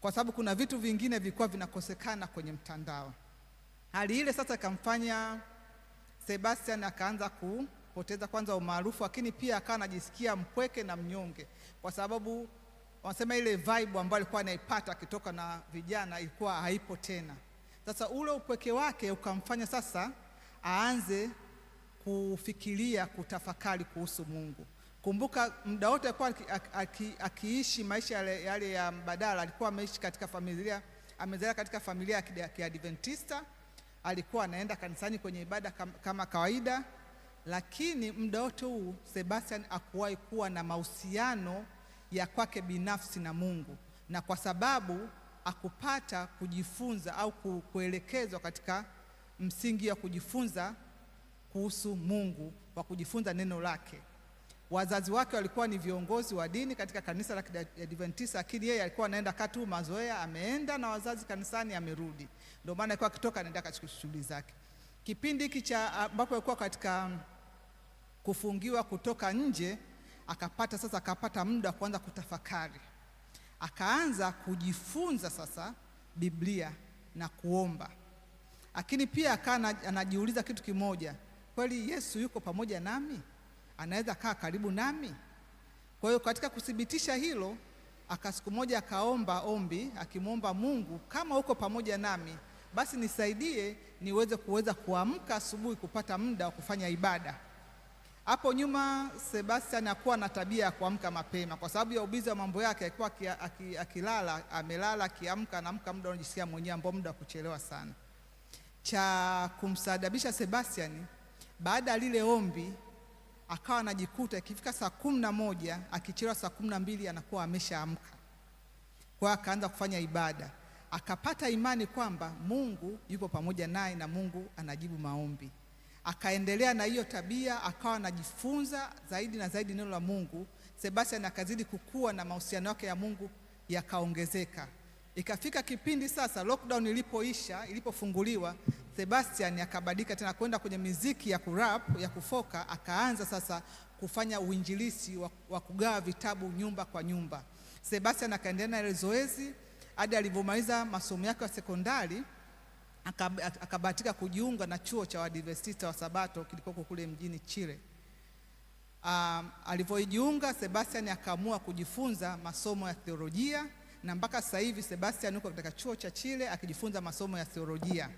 kwa sababu kuna vitu vingine vilikuwa vinakosekana kwenye mtandao. Hali ile sasa ikamfanya Sebastian akaanza kupoteza kwanza umaarufu, lakini pia akawa anajisikia mpweke na mnyonge, kwa sababu wanasema ile vibe ambayo alikuwa anaipata akitoka na vijana ilikuwa haipo tena. Sasa ule upweke wake ukamfanya sasa aanze kufikiria, kutafakari kuhusu Mungu. Kumbuka muda wote alikuwa akiishi maisha yale, yale ya mbadala. Alikuwa ameishi katika familia, amezaliwa katika familia ya Kiadventista, alikuwa anaenda kanisani kwenye ibada kama kawaida, lakini muda wote huu Sebastian akuwahi kuwa na mahusiano ya kwake binafsi na Mungu, na kwa sababu akupata kujifunza au kuelekezwa katika msingi wa kujifunza kuhusu Mungu kwa kujifunza neno lake Wazazi wake walikuwa ni viongozi wa dini katika kanisa la Kiadventista, lakini yeye alikuwa anaenda katu mazoea, ameenda na wazazi kanisani, amerudi. Ndio maana alikuwa akitoka anaenda katika shughuli zake. Kipindi hiki cha ambapo alikuwa katika mm, kufungiwa kutoka nje, akapata sasa, akapata muda wa kuanza kutafakari, akaanza kujifunza sasa Biblia na kuomba, lakini pia akawa anajiuliza kitu kimoja, kweli Yesu yuko pamoja nami? anaweza kaa karibu nami. Kwa hiyo katika kuthibitisha hilo, aka siku moja akaomba ombi akimwomba Mungu, kama uko pamoja nami, basi nisaidie niweze kuweza kuamka asubuhi kupata muda wa kufanya ibada. Hapo nyuma Sebastian akuwa na tabia ya kuamka mapema kwa sababu ya ubizi wa mambo yake. Alikuwa akilala, amelala, akiamka, anaamka muda anajisikia mwenyewe, ambao muda wa kuchelewa sana. Cha kumsadabisha Sebastian, baada ya lile ombi akawa anajikuta ikifika saa kumi na moja akichelewa saa kumi na mbili anakuwa ameshaamka. Kwa akaanza kufanya ibada, akapata imani kwamba Mungu yupo pamoja naye na Mungu anajibu maombi. Akaendelea na hiyo tabia, akawa anajifunza zaidi na zaidi neno la Mungu. Sebastian akazidi kukua na mahusiano yake ya Mungu yakaongezeka. Ikafika kipindi sasa, lockdown ilipoisha, ilipofunguliwa, Sebastian akabadilika tena kwenda kwenye miziki ya kurap ya kufoka, akaanza sasa kufanya uinjilisi wa, wa kugawa vitabu nyumba kwa nyumba. Sebastian akaendelea na zoezi hadi alivyomaliza masomo yake ya sekondari, akabahatika kujiunga na chuo cha Wadivestita wa Sabato kilikoko kule mjini Chile. Um, alivyojiunga Sebastian akaamua kujifunza masomo ya theolojia na mpaka sasa hivi Sebastian yuko katika chuo cha Chile akijifunza masomo ya theolojia.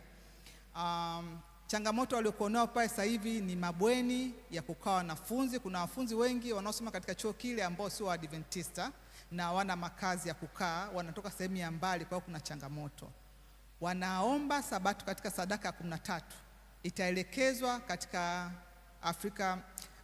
Um, changamoto waliokuwa nao pale sasa hivi ni mabweni ya kukaa wanafunzi. Kuna wanafunzi wengi wanaosoma katika chuo kile ambao sio Waadventista na hawana makazi ya kukaa, wanatoka sehemu ya mbali, kwa hiyo kuna changamoto. Wanaomba sabato katika sadaka ya kumi na tatu itaelekezwa katika Afrika,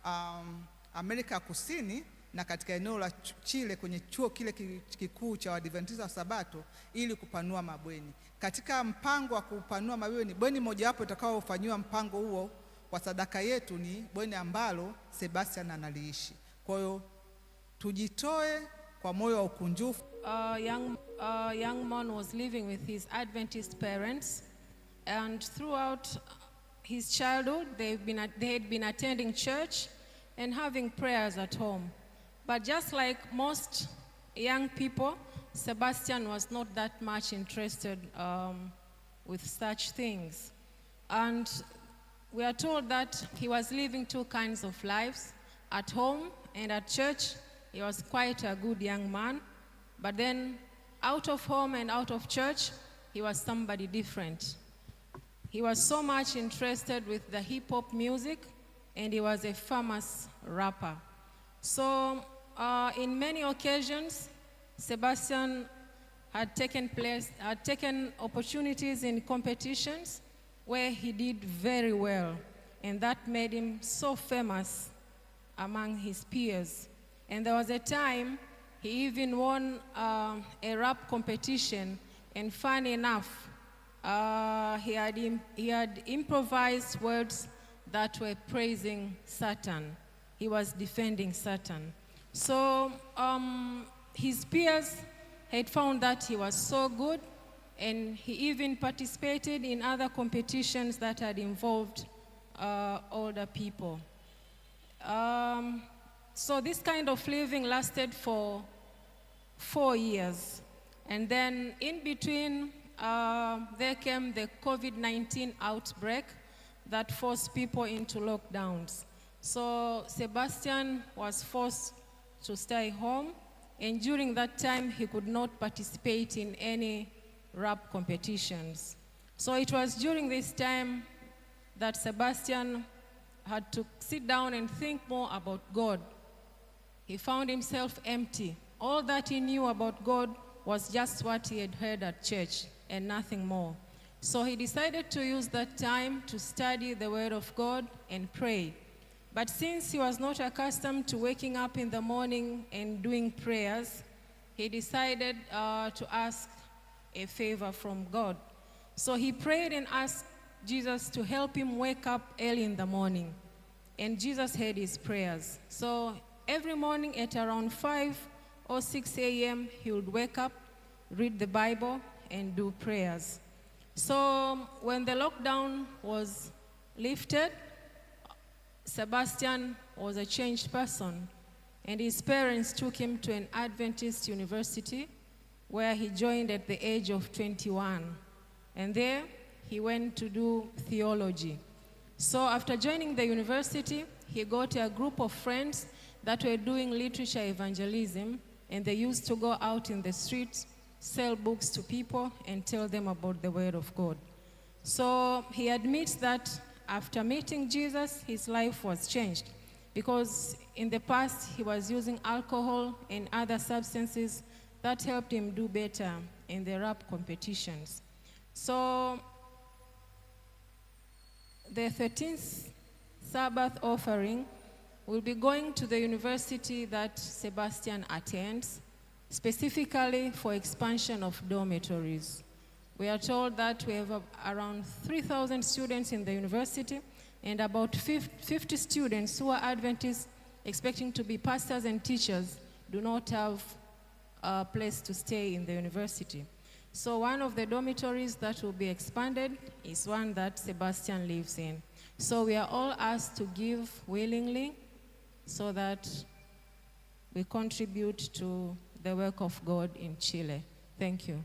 um, Amerika ya Kusini na katika eneo la Chile kwenye chuo kile kikuu cha Waadventista wa Sabato ili kupanua mabweni. Katika mpango wa kupanua mabweni, bweni mojawapo itakaofanyiwa mpango huo kwa sadaka yetu ni bweni ambalo Sebastian analiishi. Kwa hiyo tujitoe kwa moyo wa ukunjufu. A young, a young man was living with his Adventist parents and throughout his childhood they've been, they had been attending church and having prayers at home. But just like most young people, Sebastian was not that much interested um, with such things. And we are told that he was living two kinds of lives at home and at church. He was quite a good young man. But then out of home and out of church, he was somebody different. He was so much interested with the hip hop music and he was a famous rapper. So uh, in many occasions, Sebastian had taken, place, had taken opportunities in competitions where he did very well, and that made him so famous among his peers. And there was a time he even won uh, a rap competition, and funny enough, uh, he, had Im- he had improvised words that were praising Satan. He was defending Satan. So um, his peers had found that he was so good, and he even participated in other competitions that had involved uh, older people. Um, so this kind of living lasted for four years. And then in between, uh, there came the COVID 19 outbreak that forced people into lockdowns. So Sebastian was forced to stay home. And during that time, he could not participate in any rap competitions. So it was during this time that Sebastian had to sit down and think more about God. He found himself empty. All that he knew about God was just what he had heard at church and nothing more. So he decided to use that time to study the Word of God and pray. But since he was not accustomed to waking up in the morning and doing prayers, he decided uh, to ask a favor from God. So he prayed and asked Jesus to help him wake up early in the morning. And Jesus heard his prayers. So every morning at around 5 or 6 a.m., he would wake up, read the Bible, and do prayers. So um, when the lockdown was lifted, Sebastian was a changed person, and his parents took him to an Adventist university where he joined at the age of 21. And there he went to do theology. So after joining the university, he got a group of friends that were doing literature evangelism, and they used to go out in the streets, sell books to people, and tell them about the Word of God. So he admits that After meeting Jesus, his life was changed because in the past he was using alcohol and other substances that helped him do better in the rap competitions. So the 13th Sabbath offering will be going to the university that Sebastian attends, specifically for expansion of dormitories. We are told that we have uh, around 3,000 students in the university and about 50 students who are Adventists expecting to be pastors and teachers do not have a place to stay in the university. So one of the dormitories that will be expanded is one that Sebastian lives in. So we are all asked to give willingly so that we contribute to the work of God in Chile. Thank you.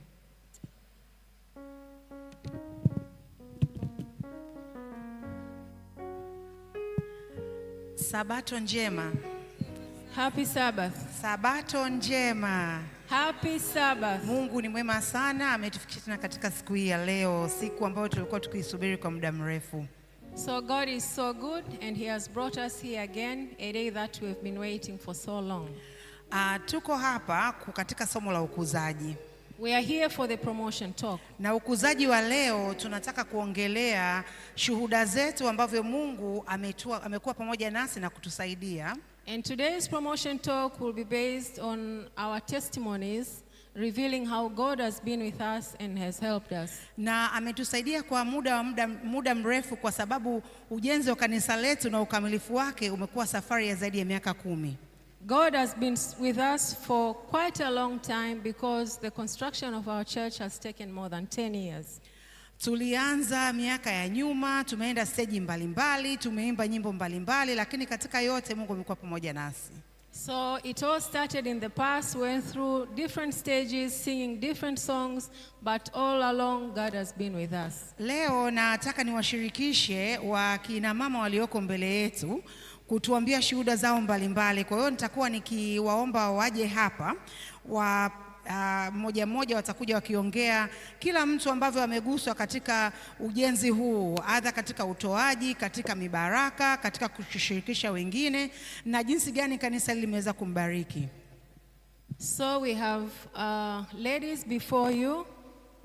Sabato njema. Happy Sabbath. Sabato njema. Happy Sabbath. Mungu ni mwema sana, ametufikisha tena katika siku hii ya leo, siku ambayo tulikuwa tukisubiri kwa muda mrefu. So God is so good and he has brought us here again, a day that we have been waiting for so long. Uh, tuko hapa katika somo la ukuzaji. We are here for the promotion talk. Na ukuzaji wa leo tunataka kuongelea shuhuda zetu ambavyo Mungu ametua, amekuwa pamoja nasi na kutusaidia. And today's promotion talk will be based on our testimonies revealing how God has been with us and has helped us. Na ametusaidia kwa muda wa muda, muda mrefu kwa sababu ujenzi wa kanisa letu na ukamilifu wake umekuwa safari ya zaidi ya miaka kumi. God has been with us for quite a long time because the construction of our church has taken more than 10 years. Tulianza miaka ya nyuma, tumeenda steji mbalimbali, tumeimba nyimbo mbalimbali, lakini katika yote Mungu amekuwa pamoja nasi. So it all started in the past, went through different stages, singing different songs, but all along God has been with us. Leo nataka niwashirikishe wakina mama walioko mbele yetu kutuambia shuhuda zao mbalimbali. Kwa hiyo nitakuwa nikiwaomba waje hapa wa Uh, ah, mmoja moja watakuja wakiongea kila mtu ambavyo ameguswa katika ujenzi huu, adha katika utoaji, katika mibaraka, katika kushirikisha wengine na jinsi gani kanisa limeweza kumbariki. So we have uh, ladies before you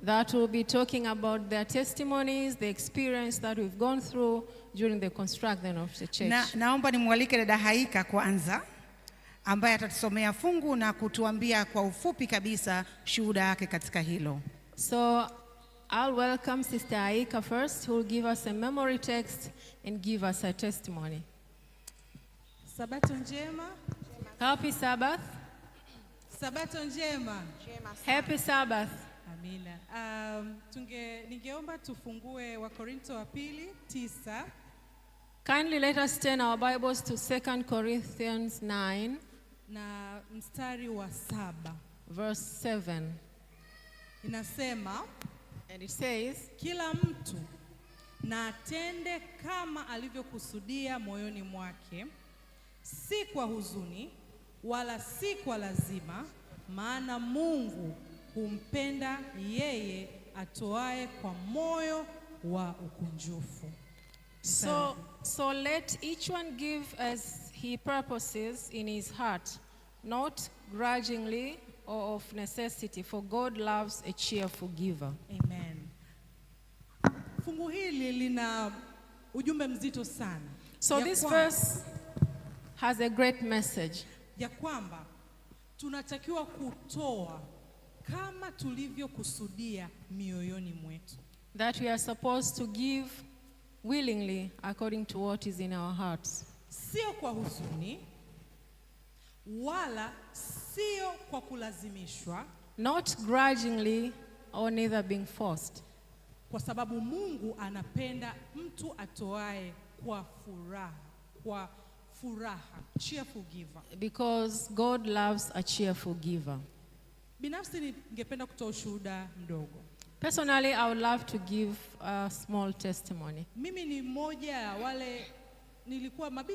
that will be talking about their testimonies, the experience that we've gone through during the construction of the church. Na, naomba nimwalike dada Haika kwanza ambaye atatusomea fungu na kutuambia kwa ufupi kabisa shuhuda yake katika hilo. So I'll welcome Sister Aika first who will give us a memory text and give us a testimony. Sabato njema. Happy Sabbath. Sabato njema. Happy Sabbath. Amina. Um, tunge, ningeomba tufungue Wakorinto wa pili tisa. Kindly let us turn our Bibles to 2 Corinthians 9 na mstari wa saba. Verse 7. Inasema and it says, kila mtu na atende kama alivyokusudia moyoni mwake, si kwa huzuni wala si kwa lazima, maana Mungu humpenda yeye atoae kwa moyo wa ukunjufu. So, so let each one give as he purposes in his heart, not grudgingly or of necessity, for God loves a cheerful giver. Amen. Fungu hili lina ujumbe mzito sana. So this verse has a great message. Ya kwamba tunatakiwa kutoa kama tulivyokusudia mioyoni mwetu. That we are supposed to give willingly according to what is in our hearts. Sio kwa husuni wala sio kwa kulazimishwa. Not grudgingly or neither being forced. Kwa sababu Mungu anapenda mtu atoae kwa furaha, kwa furaha, cheerful giver. Because God loves a cheerful giver. Binafsi ningependa kutoa ushuhuda mdogo. Personally, I would love to give a small testimony. Mimi ni mmoja ya wale nilikuwa mabinti